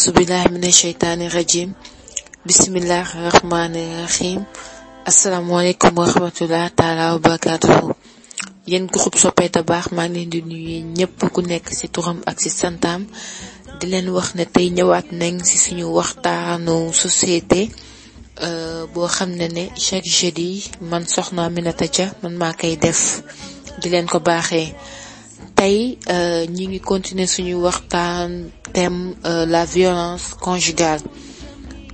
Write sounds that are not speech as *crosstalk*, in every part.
auzu billahi mina sheytaani rajim bismillahi rahmaani rahim asalaamaaleykum wa rahmatullah taala wa barakatuhu yéen groupe soppe tabaax maa ngi leen di nuyu ñëpp ku nekk ci turam ak ci santam di leen wax ne tey ñëwaat nañ ci suñu waxtaanu société euh, boo xam ne ne chaque jeudi man soxna Aminata Dia man maa koy def di leen ko baaxee tey euh, ñi ngi continuer suñu waxtaan thème euh, la violence conjugale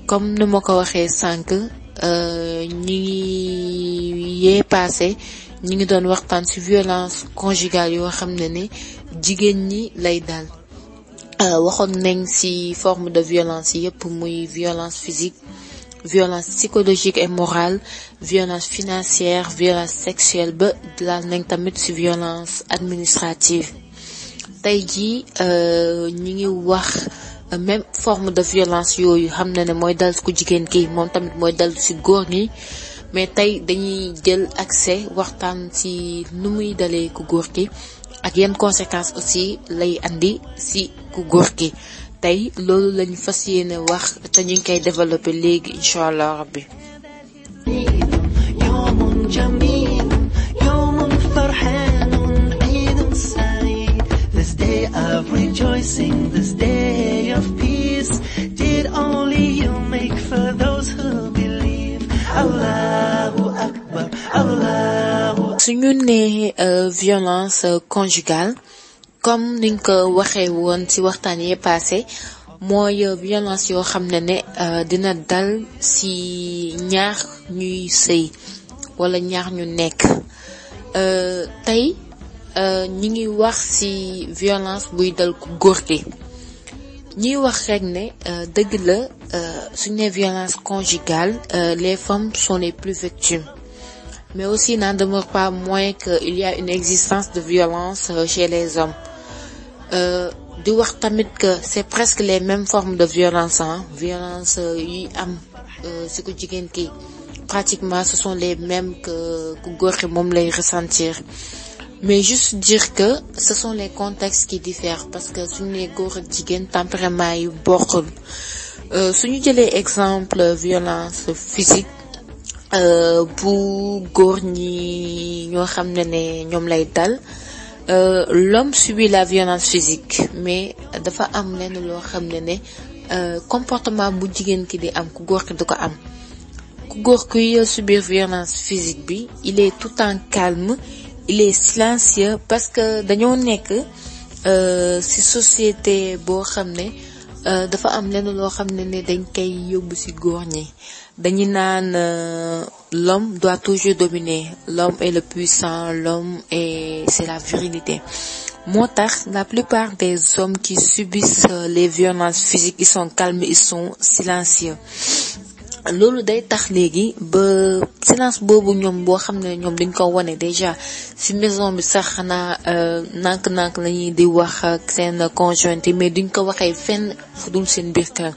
comme ni ma ko waxee sànq euh, ñi ngi yee passé ñi ngi doon waxtaan ci violence conjugale yoo xam ne ni jigéen ñi lay dal waxoon nañ ci forme de violence yépp muy violence physique violence psychologique et morale violence financière violence sexuelle ba laal nañ tamit ci violence administrative tey jii euh, ñu ngi wax euh, même forme de violence yooyu xam na ne mooy dal ku jigéen ki moom tamit mooy dal ci góor ñi mais tey dañuy jël accès waxtaan ci nu muy dalee ku góor ki ak yenn conséquences aussi lay andi ci ku góor ki tey loolu lañu fas yéene wax te ñu ngi koy développé léegi incha allah rabbi Su ñu nee euh, violence euh, conjugale comme niñ ko waxee woon ci waxtaan yi passé mooy violence yoo xam ne ne euh, dina dal ci ñaar ñuy sëy walla ñaar ñu nekk euh, tey euh, ñi ngi wax ci violence buy dal ku góor gi ñuy wax rekk ne dëgg la suñ ne violence conjugale les femmes sont les plus victimes mais aussi n'en demeure pas moins qu'il y a une existence de violence chez les hommes Euh, di wax tamit que c'est presque les mêmes formes de violence ah violence yi am si euh, ko jigéen ki pratiquement ce sont les mêmes que ku góor ki moom lay ressentir mais juste dire que ce sont les contextes qui diffèrent parce que suñu nee góor ak jigéen tempérament yi bokkul euh, suñu jëlee exemple violence physique bu góor ñi ñoo xam ne ne ñoom lay dal Euh, l'homme subit la violence physique mais dafa am lenn loo xam ne ne euh, comportement bu jigéen ki di am ku góor ki du ko am ku góor kuy subir violence physique bi il est tout en calme il est silencieux parce que dañoo nekk euh, ci société boo xam ne dafa am lenn loo xam ne ne dañ koy yóbbu ci góor ñi dañuy naan euh, l'homme doit toujours dominer l'homme est le puissant l'homme est c'est la virilité moo tax la plupart des hommes qui subissent euh, les violences physiques ils sont calmes ils sont silencieux loolu day tax léegi ba silence boobu ñoom boo xam ne ñoom dañ ko wane déjà ci maison bi sax xanaa euh, nànk-nànk la ñuy di wax ak seen conjointe mais duñ ko waxee fenn dul seen biir kër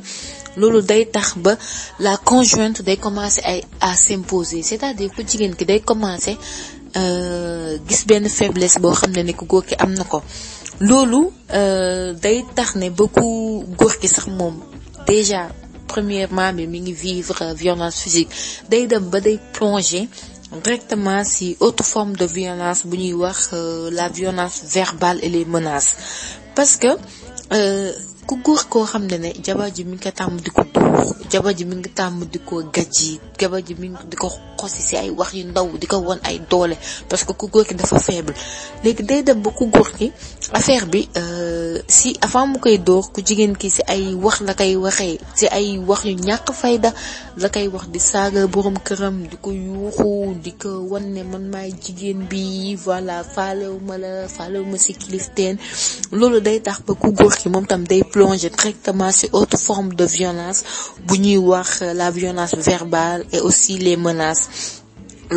loolu day tax ba la conjointe day commencer ay à s'imposer c'est-à-dire ku jigéen ki day commencer euh, gis benn faiblesse boo xam ne ne ku góor ki am na ko loolu euh, day tax ne ba ku góor ki sax moom déjà premièrement bi mi ngi vivre violence physique day dem ba day plonger directement si autre forme de violence bu ñuy wax euh, la violence verbale et les menaces parce que ku góor koo xam ne ne jabar ji mi ngi ko tàmm di ko duux jabar ji mi ngi tàmm di ko gajji jabar ji mi ngi di ko xosi si ay wax yu ndaw di ko won ay doole parce que ku góor ki dafa faible léegi day dem ba ku góor ki affaire bi euh, si avant mu koy dóor ku jigéen ki si ay wax la koy waxee si ay wax yu ñàkk fayda la koy wax di saaga boroom këram di ko yuuxu di ko wan ne man maay jigéen bi voilà faalewu ma la faalewu si kilifteen loolu day tax ba ku góor ki moom tam day plonger directement ci autre forme de violence bu ñuy wax euh, la violence verbale et aussi les menaces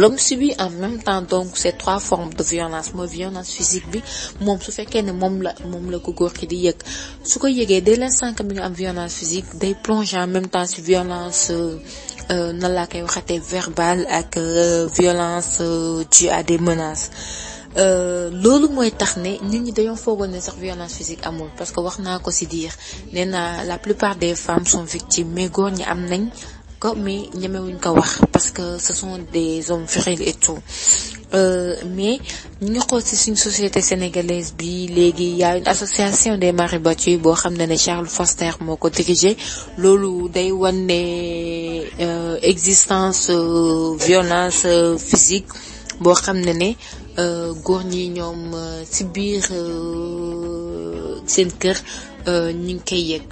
l'homme subit en même temps donc ces trois formes de violence mooy violence physique bi moom su fekkee ne moom la moom la ko góor ki di yëg su ko yëgee dès l'instant que mi nga am violence physique day plonger en même temps ci violence euh, euh, nan laa koy waxatee verbale ak violence due à des menaces Euh, loolu mooy tax ne nit ñi dañoo foogoon ne sax violence physique amul parce que wax naa ko si diir nee na la plupart des femmes sont victimes mais góor ñi am nañ ko mais ñemewuñ ko wax parce que ce sont des hommes virils et tout euh, mais ñu ngi xool si suñ société sénégalaise bi léegi y a une association des maris battus boo xam ne ne Charles Foster moo ko dirigé loolu day wan ne euh, existence euh, violence physique boo xam ne ne Euh, góor ñi ñoom si euh, biir euh, seen kër ñu ngi koy yegg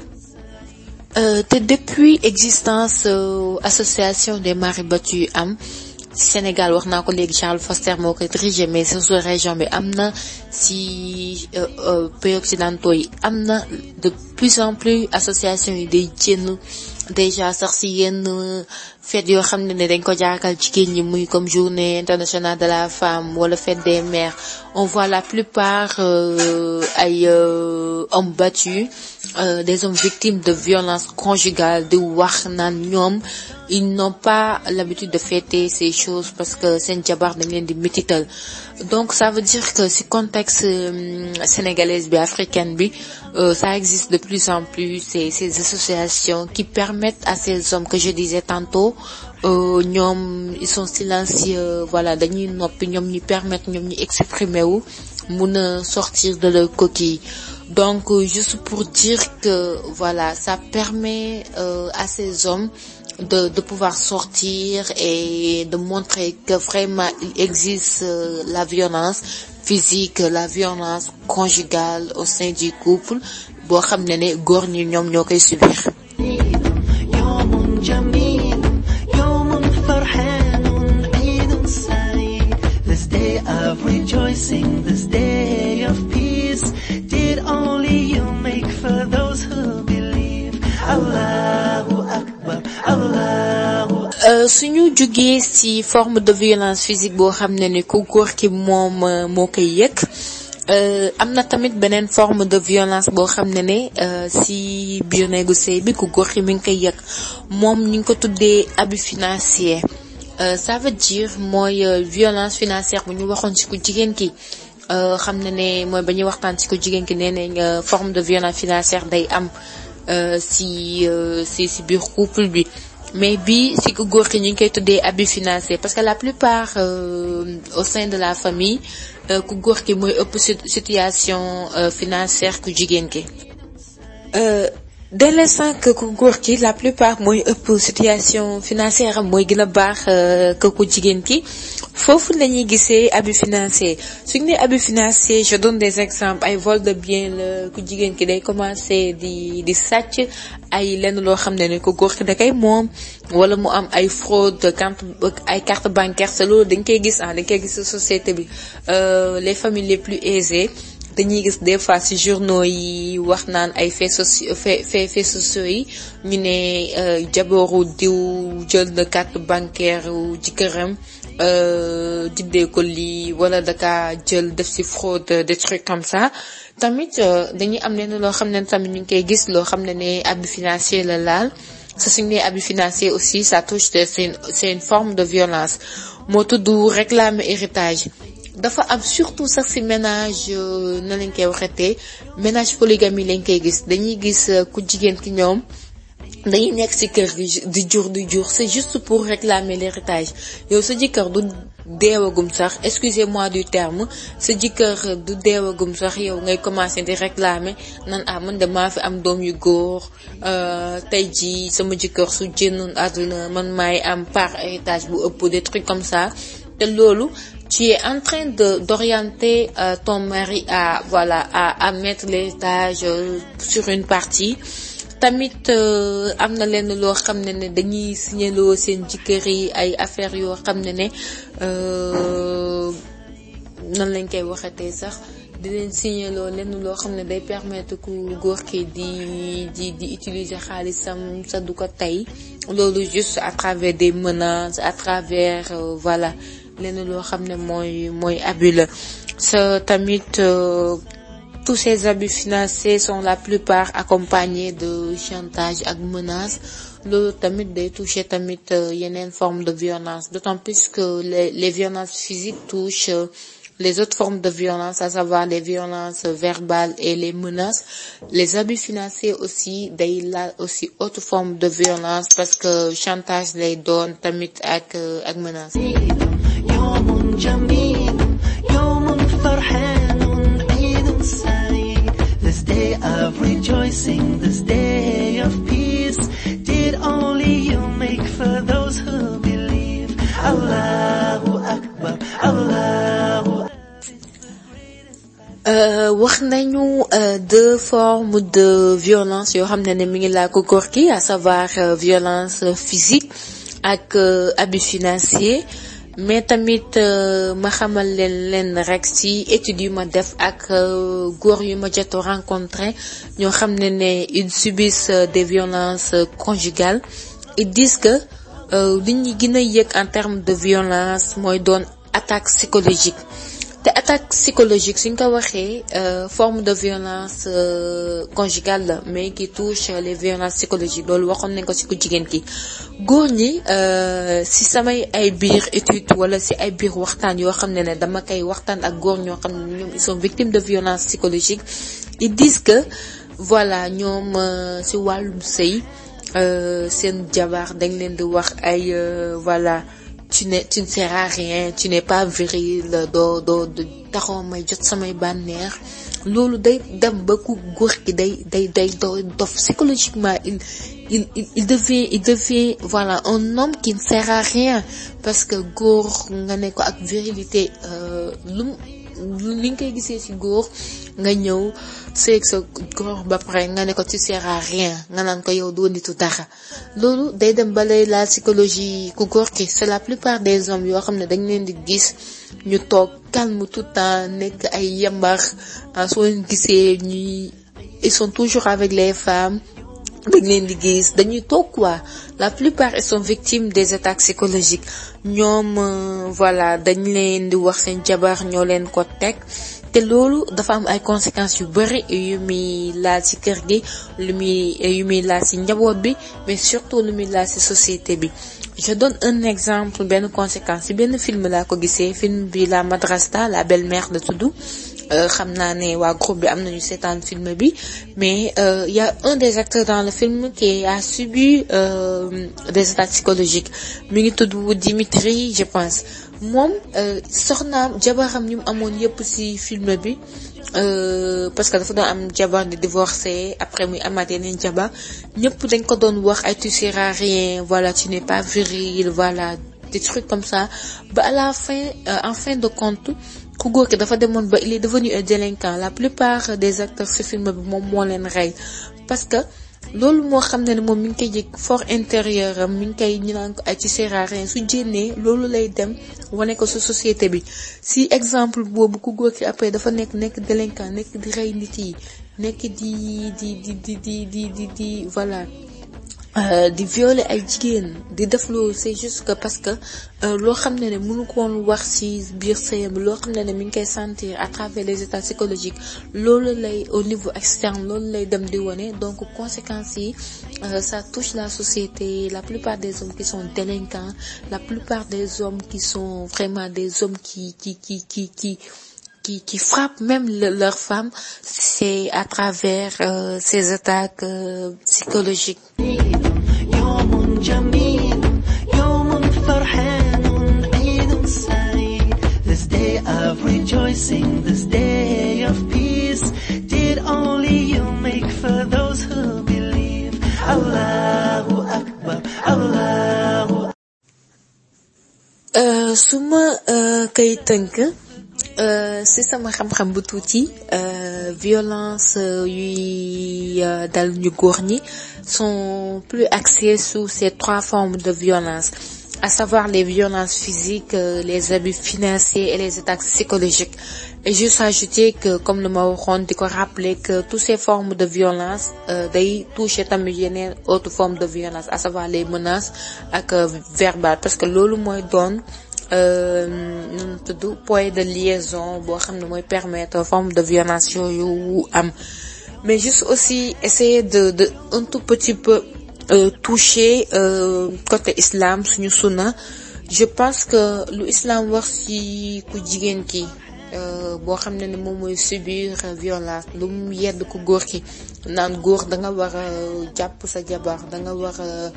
te depuis existence association des maris battus yu am Sénégal wax naa ko léegi Charles Foster moo koy dirigé mais sa sous région bi am na si pays occidentaux yi am na de plus en plus association yi day génn déjà sax si yenn fête yoo xam ne ne dañ ko jaakal jigéen ñi muy comme journée internationale de la femme wala fête des mères on voit la plupart euh, ay euh, hommes battus euh, des hommes victimes de violences conjugales di wax naan ñoom ils n'ont pas l'habitude de fêter ces choses parce que seen jabar dañ leen di métital donc ça veut dire que si contexte euh, sénégalaise bi africaine bi euh, ça existe de plus en plus ces ces associations qui permettent à ces hommes que je disais tantôt euh, ñoom euh, ils sont silencieux voilà dañuy noppi ñoom ñu permettre ñoom ñu exprimer wu mun a sortir de leur coquille donc euh, juste pour dire que voilà ça permet euh, à ces hommes de, de pouvoir sortir et de montrer que vraiment il existe euh, la violence physique, la violence conjugale au sein du couple boo xam ne ne góor ñi ñoom ñoo koy subir. This day of rejoicing, this day Euh, suñu jugee ci forme de violence physique boo xam ne ni ku góor ki moom euh, moo koy yëg euh, am na tamit beneen forme de violence boo xam ne ni ci biir néegu bi ku góor ki mi ngi koy yëg moom ñu ngi ko tuddee abi financier ça veut dire mooy violence financière bu ñu waxoon ci ko jigéen ki xam ne ne mooy ba ñu waxtaan ci ko jigéen ki nee nañ forme de violence financière day am ci ci ci biir couple bi mais bi si ku góor ki ñu ngi koy tuddee abus financier parce que la plupart euh, au sein de la famille euh, ku góor ki mooy ëpp situation euh, financière ku jigéen ki. Euh, dès l'instant que ku góor ki la plupart mooy ëpp situation financière am mooy gën baax que ku jigéen ki. foofu la ñuy gisee abus financier suñ ne abus financier je donne des exemples ay vol de bien la ku jigéen ki day commencer di di sàcc ay lenn loo xam ne ne ko góor ki da moom wala mu am ay fraude carte ay carte bancaire sa loolu dañ koy gis ah dañ koy gis société bi euh, les familles les plus aisées dañuy gis des fois ci journaux yi wax naan ay faits sociaux faits faits sociaux yi ñu ne euh, jabooru diw jël na carte bancaire ci këram Euh, diddee ko lii wala daka jël def ci fraude des trucs comme sax tamit euh, dañuy am leen loo xam ne tamit ñu ngi koy gis loo xam ne ne abus financier la laal sa suñ nee abus financier aussi ça touche c'est c'est une forme de violence moo tudd réclamer héritage dafa am surtout sax ci ménage euh, na lañ koy waxatee ménage polygamie lañ koy gis dañuy gis ku jigéen ki ñoom dañuy nekk ci kër gi di jur di jur c'est juste pour réclamer l'héritage yow sa jëkkër du deewagum sax excusez-moi du terme sa jëkkër du deewagum sax yow ngay commencer di réclamer nan ah man de maa fi am doom yu góor euh, tey jii sama jëkkër su génnoon àdduna man may am part héritage bu ëpp des trucs comme ça te loolu ci es en train de d'orienter euh, ton mari à voilà à à mettre l'héritage euh, sur une partie tamit euh, am na lenn loo xam ne ne dañuy signaloo seen jëkkër yi ay affaire yoo xam ne ne euh, nan lañ koy waxatee sax di leen signaloo lenn loo xam ne day permettre ku góor ki di di di utiliser xaalisam du ko tey loolu juste à travers des menaces à travers euh, valla lenn loo xam ne mooy mooy abus sa tamit. Tous ces abus financiers sont la plupart accompagnés de chantage ak menaces loolu tamit day toucher tamit euh, yeneen forme de violence d'autant plus que les, les violences physiques touchent euh, les autres formes de violence à savoir les violences verbales et les menaces les abus financiers aussi day laal aussi autre forme de violence parce que chantage lay doon tamit ak euh, ak menace forme de violence yoo xam ne ne mi ngi laa ko góor gi à savoir euh, violence physique ak euh, abus financier mais tamit euh, ma xamal leen leen rek ci études yu ma def ak góor yu ma jot a ñoo xam ne ne une subise des violences conjugales ils disent que li ñuy gën a yëg en terme de violence mooy doon attaque psychologique te attaque psychologique suñ ko waxee euh, forme de violence euh, conjugale la mais qui touche les violences psychologiques loolu waxoon nañ ko si ko jigéen ki góor ñi euh, si samay ay biir étude wala si ay biir waxtaan yoo xam ne ne dama koy waxtaan ak góor ñoo xam ne ñoom ils sont victimes de violence psychologique ils disent que voilà ñoom si wàllum sëy seen jabar dañ leen di wax ay voilà ci ne tu ne sers à rien tu n'es pas viril doo doo taxaw may jot samay bànneex loolu day dem ba ku góor gi day day day doo dof psychologiquement il il il il devient voilà un homme qui ne sert parce que góor nga ne ko ak virilité euh, lu ni nga koy gisee ci góor nga ñëw seeg sa góor ba pare nga ne ko tu sers à rien nga naan ko yow doo nitu dara loolu day dem balay la psychologie ku góor ki c'est la plupart des hommes yoo xam ne dañ leen di gis ñu toog calme tout temps nekk ay yambar ah, soo gisee ñuy ils toujours avec les femmes leen di dañuy toog quoi la plupart ils sont victimes des attaques psychologiques ñoom euh, voilà dañ leen di wax seen jabar ñoo leen ko teg te loolu dafa am ay conséquences yu bëri yu muy laal ci kër gi lu muy yu muy laal ci njaboot bi mais surtout lu muy laal ci société bi je donne un exemple benn conséquence ci benn film laa ko gisee film bi la madrasta la belle-mère la tudd euh, xam naa ne waa groupe bi am nañu seetaan film bi mais euh, y un des acteurs dans le film qui a subi euh, des attaques psychologiques mi ngi tudd Dimitri je pense moom euh, soxnaam jabaram ñu amoon yëpp ci film bi euh, parce que dafa doon am jabar di divorcé après muy amaat yeneen jabar ñëpp dañ ko doon wax ay tu seras rien voilà tu n'es pas viril voilà des comme ça ba à la fin euh, en fin de compte ku góor ki dafa demoon ba il est devenu un délinquant la plupart des acteurs ci film bi moom moo leen rey parce que loolu moo xam ne ne moom mi ngi koy jëg for intérieur am mi ngi koy ñu ko ay ci sérarin su jénnee loolu lay dem wane ko su société bi si exemple boobu ku góor ki après dafa nekk nekk délinquant nekk di rey nit yi nekk di di di di di di di di voilà Euh, di violer ay jigéen di def loolu c'est juste que parce que euh, loo xam ne ne mënu ko woon wax si biir sëyam loo xam ne ne mi ngi koy sentir à travers les états psychologiques loolu lay au niveau externe loolu lay dem di wone donc conséquences yi euh, ça touche la société la plupart des hommes qui sont délinquants la plupart des hommes qui sont vraiment des hommes qui qui qui qui qui qui qui frappent même le, femmes c'est à travers euh, ces attaques euh, psychologiques جميل يوم فرحان عيد سعيد This day of Akbar, Allahu euh, su ma euh, koy tënk euh, si sama xam-xam bu tuuti violence yuy dal ñu góor ñi sont plus axés sur ces trois formes de violence, à savoir les violences physiques, euh, les abus financiers et les attaques psychologiques. Et juste ajouter que comme lu ma waxoon di ko rappeler que toutes ces formes de violence euh, day toucher tamit yeneen autres formes de violence à savoir les menaces ak euh, verbales parce que loolu mooy doon nu tudd point de liaison boo xam ne mooy permettre forme de violence yooyu am mais juste aussi essayer de de un tout petit peu euh, toucher euh, côté islam suñu sunna je pense que lu islam wax ci ku jigéen ki Euh, boo xam ne ne moom mooy subir violence lu mu yedd ko góor ki naan góor da nga war a jàpp sa jabar da nga war a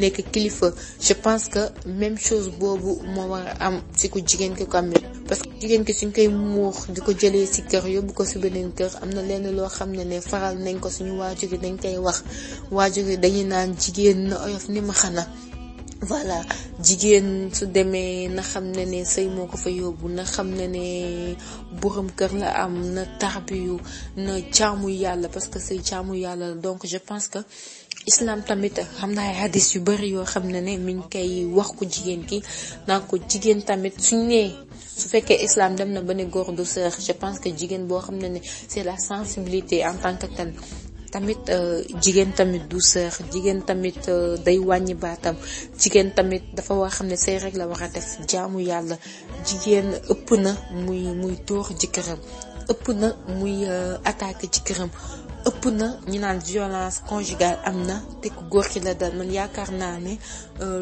nekk kilifa je pense que même chose boobu moo war a am si ku jigéen ki ko am parce que jigéen ki suñ koy muur di ko jëlee si kër yóbbu ko si beneen kër am na lenn loo xam ne ne faral nañ ko suñu waajur yi dañ koy wax waajur yi dañuy naan jigéen na oyof ni ma xana voilà jigéen su demee na xam ne ne sëy moo ko fa yóbbu na xam ne ne borom kër la am na tarbiyu na jaamu yàlla parce que sëy jaamu yàlla donc je pense que islam tamit xam naa ay hadis yu bari yoo xam ne ne mi ngi wax ku jigéen ki naan ko jigéen tamit suñ nee su fekkee islam dem na ba ne góor du sœur je pense que jigéen boo xam ne ne c'est la sensibilité en tant que telle tamit euh, jigéen tamit douceur jigéen tamit euh, day wàññi baatam jigéen tamit dafa war xam ne say rek la war a def jaamu yàlla jigéen ëpp na muy muy tóor jëkkëram ëpp na muy euh, attaque jëkkëram ëpp na ñu naan violence conjugale am na te ku góor ki la dal man yaakaar naa ne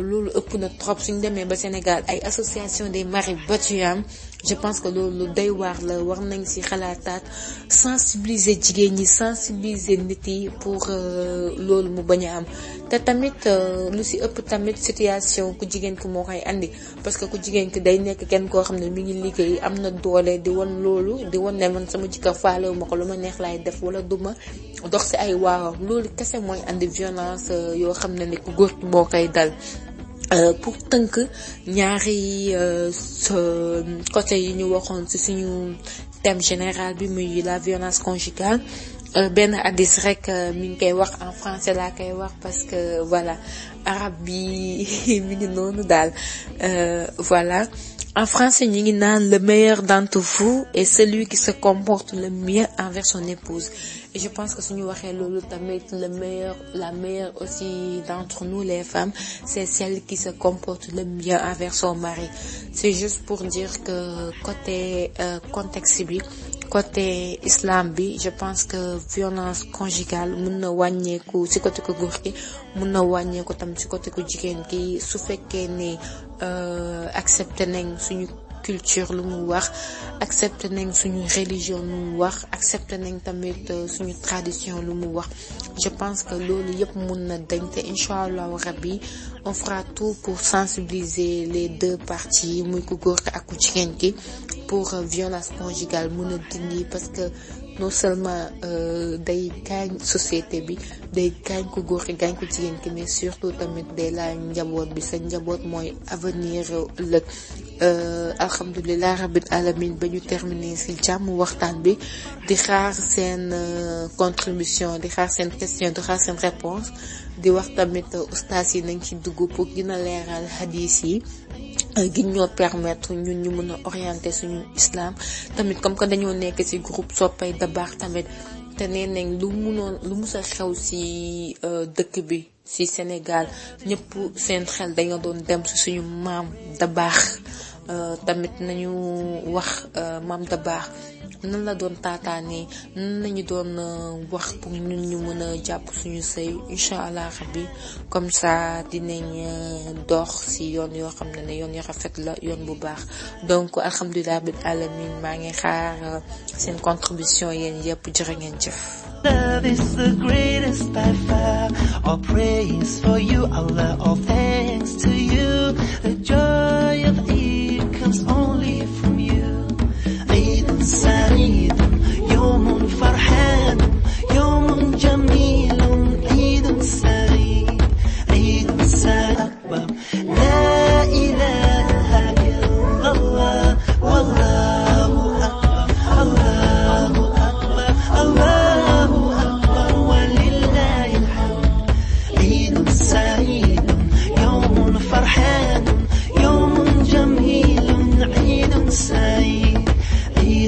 loolu ëpp na trop suñ demee ba Sénégal ay association des maris battus je pense que loolu day waax la war nañ ci xalaataat sensibiliser jigéen ñi sensibiliser nit yi pour euh, loolu mu bañ a am te tamit euh, lu si ëpp tamit situation ku jigéen ki moo koy andi parce que ku jigéen ki day nekk kenn koo xam ne mi ngi liggéey am na doole di wan loolu di wan ne man sama jikko faalewu ma ko lu ma neex laay def wala duma dox si ay waaram loolu kese mooy andi violence euh, yoo xam ne ne ku góor ki moo koy dal Euh, pour tënk ñaari euh, côté yi ñu waxoon ci suñu thème général bi muy la violence conjugale euh, benn addis rek mi ngi koy wax en français laa koy wax parce que voilà arabe bi *laughs* mi ngi noonu daal voilà En français, ñu ngi naan le meilleur d'entre vous est celui qui se comporte le mieux envers son épouse et je pense que suñu waxee loolu tamit le meilleur la meilleure aussi d'entre nous les femmes c'est celle qui se comporte le mieux envers son mari c'est juste pour dire que côté euh, contexte bi côté islam bi je pense que violence conjugale mun na wàññeeku si côté ko góor ki mën na wàññeeku tam si côté ko jigéen ki su fekkee ne euh, accepté nañ suñu culture lu mu wax accepté nañ suñu religion lu mu wax accepté nañ tamit euh, suñu tradition lu mu wax je pense que loolu yëpp mun na dañ te incha allahu rabbi on fera tout pour sensibiliser les deux parties muy ku góor ak ku jigéen ki pour euh, violence conjugale mun a dindi parce que non seulement euh, day gaañ société bi day gaañ ko góor ki gaañ ko jigéen ki mais surtout tamit day laaj njaboot bi sa njaboot mooy avenir ëllëg euh, alhamdulilah rabbil alamin ba ñu terminer si jàmm waxtaan bi di xaar seen euh, contribution di xaar seen question di xaar seen réponse di wax tamit ustaas yi nañ ci dugg pour gën a leeral hadis yi Euh, gin ñoo permettre ñun ñu mën a orienter suñu islaam tamit comme que dañoo nekk ci groupe soppay da baax tamit te nee lu musal lu mus xew ci euh, dëkk bi ci Sénégal ñëpp seen xel dañoo doon dem ci suñu maam da baax euh, tamit nañu wax maam da baax nan la doon taataanee nan lañu doon euh, wax pour ñun ñu mën a jàpp suñu sëy incha allah rabbi comme ça dinañ euh, dox ci yoon yoo xam ne ne yoon yu rafet la yoon bu baax donc alhamdulilah bil alamin maa ngi xaar euh, seen contribution yéen yépp jërë ngeen jëf